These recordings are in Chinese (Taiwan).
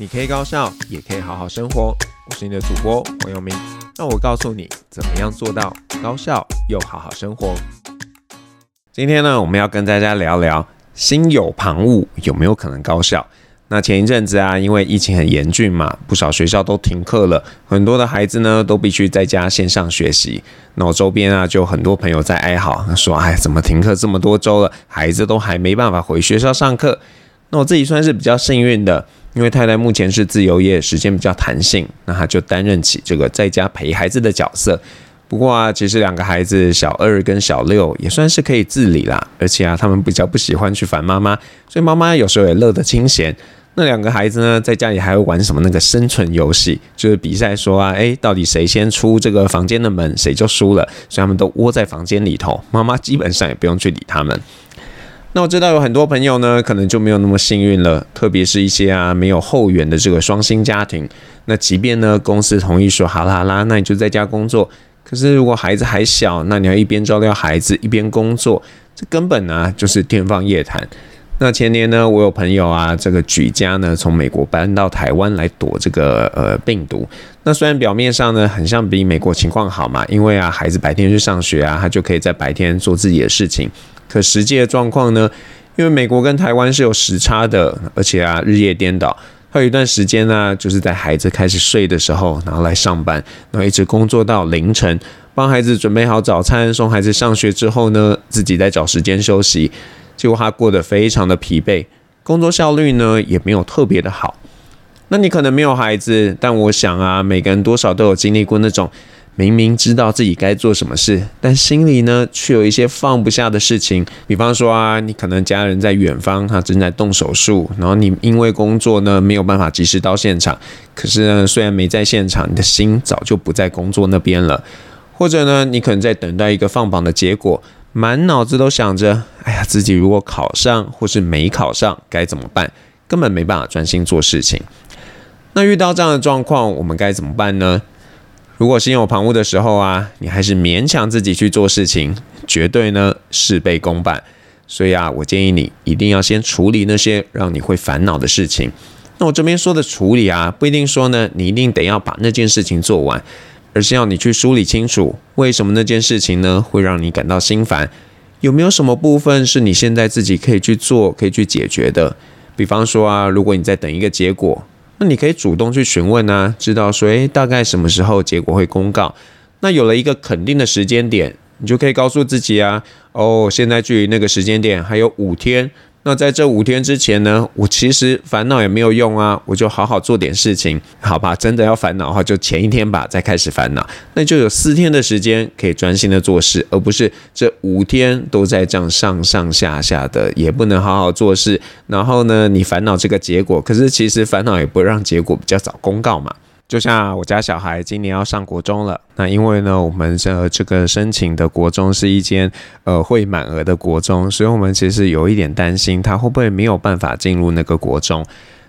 你可以高效，也可以好好生活。我是你的主播黃宥明，那我告訴你怎麼樣做到高效又好好生活。今天呢，我們要跟大家聊聊心有旁騖有沒有可能高效。那前一陣子啊，因為疫情很嚴峻嘛，不少學校都停課了，很多的孩子呢都必須在家線上學習。那我周邊啊，就有很多朋友在哀嚎，說哎，怎麼停課這麼多周了，孩子都還沒辦法回學校上課？那我自己算是比較幸運的。因為太太目前是自由業，時間比較彈性，那她就擔任起這個在家陪孩子的角色。不過啊，其實兩個孩子小二跟小六也算是可以自理啦，而且啊，他們比較不喜歡去煩媽媽，所以媽媽有時候也樂得清閒。那兩個孩子呢，在家裡還會玩什麼那個生存遊戲，就是比賽說啊，誒，到底誰先出這個房間的門，誰就輸了。所以他們都窩在房間裡頭，媽媽基本上也不用去理他們。那我知道有很多朋友呢，可能就沒有那麼幸運了，特別是一些啊沒有後援的這個雙薪家庭。那即便呢公司同意說，好啦好啦，那你就在家工作，可是如果孩子還小，那你要一邊照料孩子一邊工作，這根本呢啊，就是天方夜譚。那前年呢，我有朋友啊，這個舉家呢從美國搬到台灣來躲這個呃病毒。那雖然表面上呢很像比美國情況好嘛，因為啊孩子白天去上學啊，他就可以在白天做自己的事情。可實際的狀況呢，因為美國跟台灣是有時差的，而且啊日夜顛倒。還有一段時間呢、啊，就是在孩子開始睡的時候，然後來上班，然後一直工作到凌晨，幫孩子準備好早餐，送孩子上學之後呢，自己再找時間休息。就他過得非常的疲憊，工作效率呢也沒有特別的好。那你可能沒有孩子，但我想啊，每個人多少都有經歷過那種明明知道自己該做什麼事，但心裡呢卻有一些放不下的事情。比方說啊，你可能家人在遠方，他正在動手術，然後你因為工作呢沒有辦法及時到現場。可是呢，雖然沒在現場，你的心早就不在工作那邊了。或者呢，你可能在等待一個放榜的結果。滿腦子都想着，哎呀，自己如果考上或是沒考上該怎麼辦？根本沒辦法專心做事情。那遇到這樣的狀況，我們該怎麼辦呢？如果心有旁騖的時候啊，你還是勉強自己去做事情，絕對呢事倍功半。所以啊，我建議你一定要先處理那些讓你會煩惱的事情。那我這邊說的處理啊，不一定說呢，你一定得要把那件事情做完。而是要你去梳理清楚，為什麼那件事情呢會讓你感到心煩？有沒有什麼部分是你現在自己可以去做、可以去解決的？比方說啊，如果你在等一個結果，那你可以主動去詢問啊，知道說，誒、欸，大概什麼時候結果會公告？那有了一個肯定的時間點，你就可以告訴自己啊，哦，現在距離那個時間點還有五天。那在這五天之前呢，我其實煩惱也沒有用啊，我就好好做點事情，好吧？真的要煩惱的話，就前一天吧，再開始煩惱，那就有四天的時間可以專心的做事，而不是這五天都在這樣上上下下的，也不能好好做事。然後呢，你煩惱這個結果，可是其實煩惱也不讓結果比較早公告嘛。就像我家小孩今年要上國中了，那因為呢，我們這這個申請的國中是一間呃會滿額的國中，所以我們其實有一點擔心他會不會沒有辦法進入那個國中。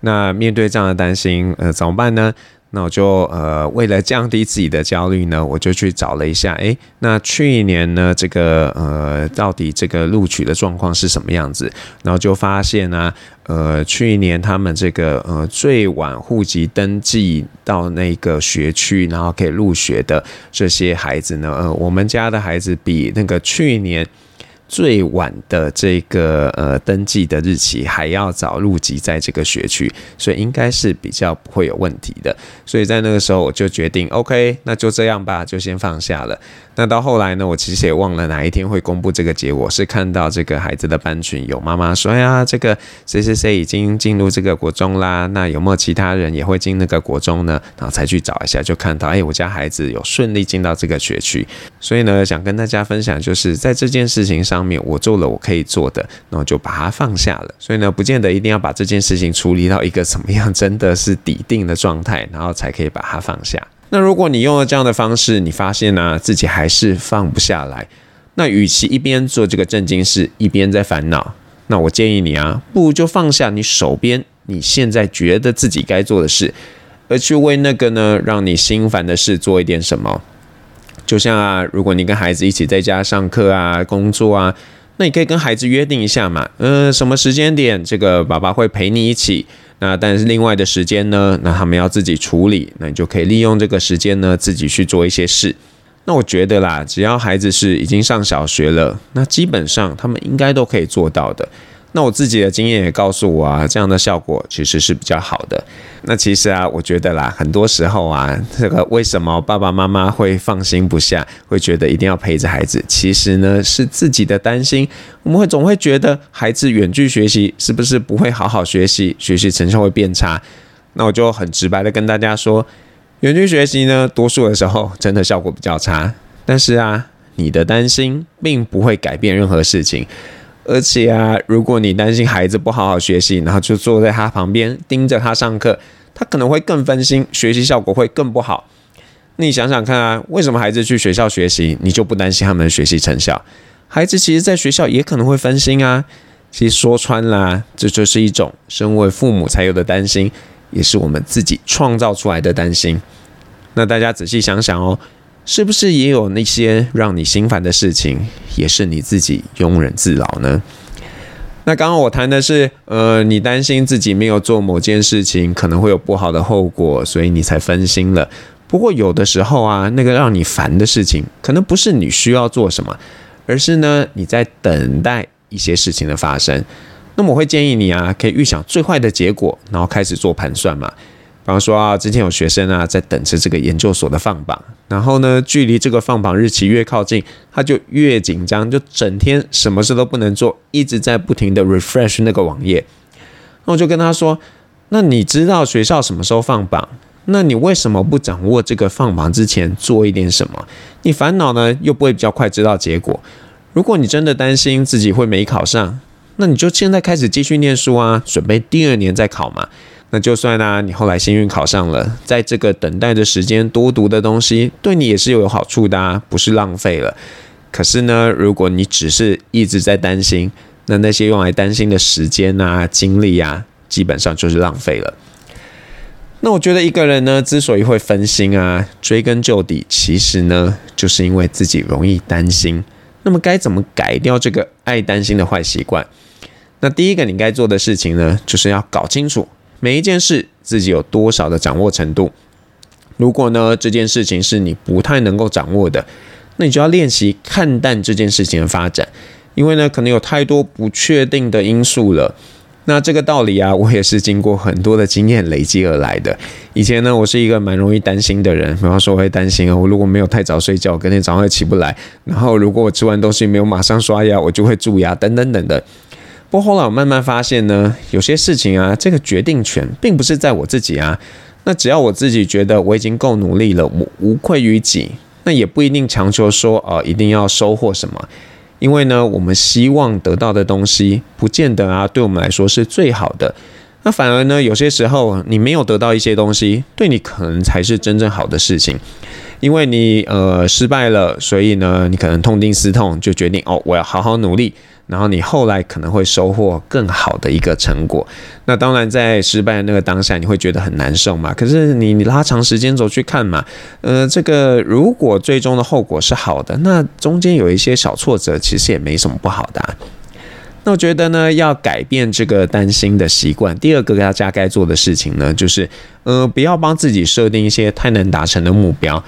那面對這樣的擔心，呃，怎麼辦呢？那我就呃，為了降低自己的焦慮呢，我就去找了一下，誒，那去年呢，這個呃，到底這個錄取的狀況是什麼樣子？然後就發現呢，啊，呃，去年他們這個呃，最晚戶籍登記到那個學區，然後可以入學的這些孩子呢，呃，我們家的孩子比那個去年最晚的這個呃登記的日期還要早入籍在這個學區，所以應該是比較不會有問題的。所以在那個時候我就決定，OK，那就這樣吧，就先放下了。那到後來呢，我其實也忘了哪一天會公布這個結果。是看到這個孩子的班群有媽媽說：“哎呀，這個誰誰誰已經進入這個國中啦。”那有沒有其他人也會進那個國中呢？然後才去找一下，就看到：“哎，我家孩子有順利進到這個學區。”所以呢，想跟大家分享，就是在這件事情上面，我做了我可以做的，然後就把它放下了。所以呢，不見得一定要把這件事情處理到一個怎麼樣真的是底定的狀態，然後才可以把它放下。那如果你用了這樣的方式，你發現呢、啊、自己還是放不下來。那與其一邊做這個正經事，一邊在煩惱，那我建議你啊，不如就放下你手邊你現在覺得自己該做的事，而去為那個呢讓你心煩的事做一點什麼。就像啊，如果你跟孩子一起在家上課啊、工作啊，那你可以跟孩子約定一下嘛，嗯、呃，什麼時間點這個爸爸會陪你一起。那但是另外的時間呢？那他們要自己處理，那你就可以利用這個時間呢，自己去做一些事。那我覺得啦，只要孩子是已經上小學了，那基本上他們應該都可以做到的。那我自己的經驗也告訴我啊，這樣的效果其實是比較好的。那其實啊，我覺得啦，很多時候啊，這個為什麼爸爸媽媽會放心不下，會覺得一定要陪着孩子？其實呢，是自己的擔心。我們會總會覺得孩子遠距學習是不是不會好好學習，學習成績會變差？那我就很直白的跟大家說，遠距學習呢，多數的時候真的效果比較差。但是啊，你的擔心並不會改變任何事情。而且啊，如果你擔心孩子不好好學習，然後就坐在他旁邊盯着他上課，他可能會更分心，學習效果會更不好。那你想想看啊，為什麼孩子去學校學習，你就不擔心他們的學習成效？孩子其實在學校也可能會分心啊。其實說穿啦，這就是一種身為父母才有的擔心，也是我們自己創造出來的擔心。那大家仔細想想哦。是不是也有那些讓你心煩的事情，也是你自己庸人自擾呢？那剛剛我談的是，呃，你擔心自己沒有做某件事情，可能會有不好的後果，所以你才分心了。不過有的時候啊，那個讓你煩的事情，可能不是你需要做什麼，而是呢，你在等待一些事情的發生。那麼我會建議你啊，可以預想最壞的結果，然後開始做盤算嘛。比方說啊，之前有學生啊在等着這個研究所的放榜，然後呢，距離這個放榜日期越靠近，他就越緊張，就整天什麼事都不能做，一直在不停的 refresh 那個網頁。那我就跟他說：“那你知道學校什麼時候放榜？那你為什麼不掌握這個放榜之前做一點什麼？你煩惱呢，又不會比較快知道結果。如果你真的擔心自己會沒考上，那你就現在開始繼續念書啊，準備第二年再考嘛。”那就算呢啊，你後來幸運考上了，在這個等待的時間多讀的東西，對你也是有好處的啊，不是浪費了。可是呢，如果你只是一直在擔心，那那些用來擔心的時間啊、精力啊，基本上就是浪費了。那我覺得一個人呢，之所以會分心啊，追根究底，其實呢，就是因為自己容易擔心。那麼該怎麼改掉這個愛擔心的壞習慣？那第一個你該做的事情呢，就是要搞清楚。每一件事自己有多少的掌握程度？如果呢這件事情是你不太能夠掌握的，那你就要練習看淡這件事情的發展，因為呢可能有太多不確定的因素了。那這個道理啊，我也是經過很多的經驗累積而來的。以前呢，我是一個蠻容易擔心的人，比方說我會擔心啊，我如果沒有太早睡覺，我隔天早上會起不來；然後如果我吃完東西沒有馬上刷牙，我就會蛀牙啊，等等等等的。過後來我慢慢發現呢，有些事情啊，這個決定權並不是在我自己啊。那只要我自己覺得我已經夠努力了，我無愧於己，那也不一定強求說啊，呃，一定要收穫什麼。因為呢，我們希望得到的東西，不見得啊，對我們來說是最好的。那反而呢，有些時候你沒有得到一些東西，對你可能才是真正好的事情。因為你呃失敗了，所以呢，你可能痛定思痛，就決定哦，我要好好努力。然後你後來可能會收穫更好的一個成果。那當然，在失敗的那個當下，你會覺得很難受嘛。可是你，你拉長時間軸去看嘛，呃，這個如果最終的後果是好的，那中間有一些小挫折，其實也沒什麼不好的啊。那我覺得呢，要改變這個擔心的習慣。第二個大家該做的事情呢，就是呃，不要幫自己設定一些太難達成的目標。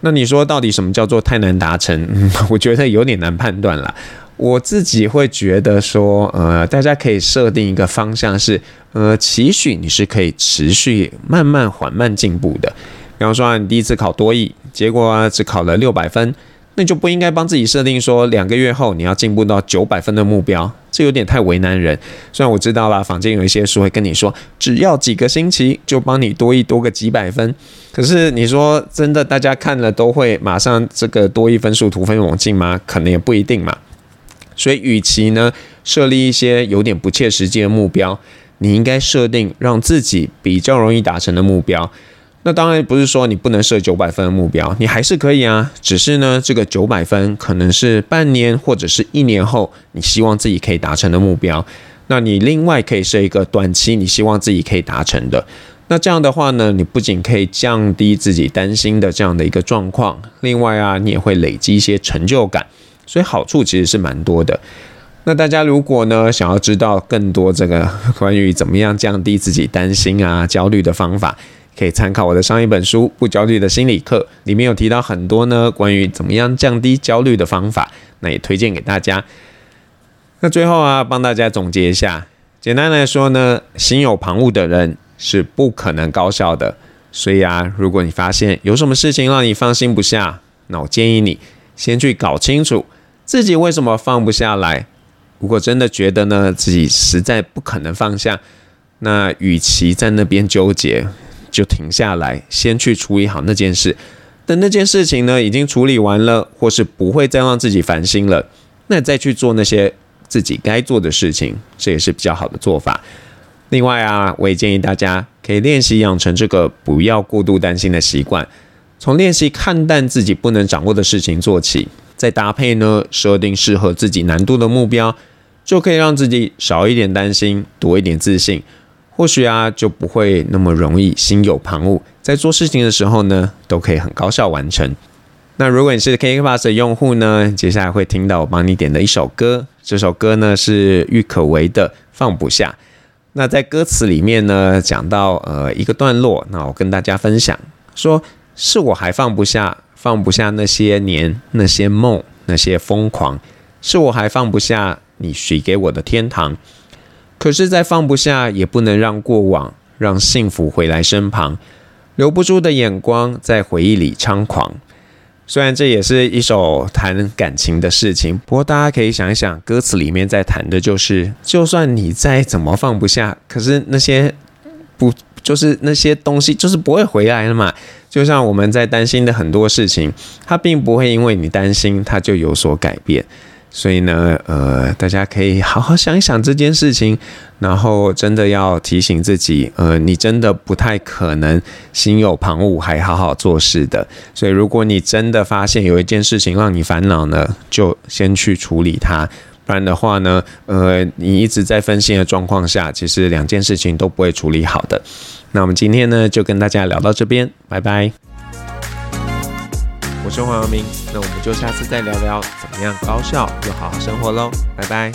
那你說到底什麼叫做太難達成？嗯，我覺得有點難判斷了。我自己會覺得說，呃，大家可以設定一個方向是，呃，期許你是可以持續慢慢緩慢進步的。比方說，你第一次考多益，結果只考了六百分。那就不應該幫自己設定說兩個月後你要進步到九百分的目標，這有點太為難人。雖然我知道啦，坊間有一些書會跟你說，只要幾個星期就幫你多一多個幾百分，可是你說真的，大家看了都會馬上這個多一分數突飛猛進嗎？可能也不一定嘛。所以，與其呢設立一些有點不切實際的目標，你應該設定讓自己比較容易達成的目標。那當然不是說你不能設九百分的目標，你還是可以啊。只是呢，這個九百分可能是半年或者是一年後你希望自己可以達成的目標。那你另外可以設一個短期你希望自己可以達成的。那這樣的話呢，你不僅可以降低自己擔心的這樣的一個狀況，另外啊，你也會累積一些成就感。所以好處其實是蠻多的。那大家如果呢，想要知道更多這個關於怎麼樣降低自己擔心啊、焦慮的方法。可以參考我的上一本書《不焦慮的心理課》，裡面有提到很多呢關於怎麼樣降低焦慮的方法，那也推薦給大家。那最後啊，幫大家總結一下，簡單來說呢，心有旁騖的人是不可能高效的。所以啊，如果你發現有什麼事情讓你放心不下，那我建議你先去搞清楚自己為什麼放不下來。如果真的覺得呢，自己實在不可能放下，那與其在那邊糾結。就停下來，先去處理好那件事。等那件事情呢，已經處理完了，或是不會再讓自己煩心了，那再去做那些自己該做的事情，這也是比較好的做法。另外啊，我也建議大家可以練習養成這個不要過度擔心的習慣，從練習看淡自己不能掌握的事情做起，再搭配呢設定適合自己難度的目標，就可以讓自己少一點擔心，多一點自信。或許啊，就不會那麼容易心有旁騖，在做事情的時候呢，都可以很高效完成。那如果你是 KKBOX 的用戶呢，接下來會聽到我幫你點的一首歌，這首歌呢是郁可唯的《放不下》。那在歌詞裡面呢，講到呃一個段落，那我跟大家分享，說是我還放不下，放不下那些年、那些夢、那些瘋狂，是我還放不下你許給我的天堂。可是再放不下，也不能讓過往、讓幸福回來身旁。留不住的眼光，在回憶裡猖狂。雖然這也是一首談感情的事情，不過大家可以想一想，歌詞裡面在談的就是，就算你再怎麼放不下，可是那些不就是那些東西，就是不會回來了嘛？就像我們在擔心的很多事情，它並不會因為你擔心它就有所改變。所以呢，呃，大家可以好好想一想這件事情，然後真的要提醒自己，呃，你真的不太可能心有旁騖還好好做事的。所以，如果你真的發現有一件事情讓你煩惱呢，就先去處理它，不然的話呢，呃，你一直在分心的狀況下，其實兩件事情都不會處理好的。那我們今天呢，就跟大家聊到這邊，拜拜。我是黃耀明，那我們就下次再聊聊怎麼樣高效又好好生活嘍，拜拜。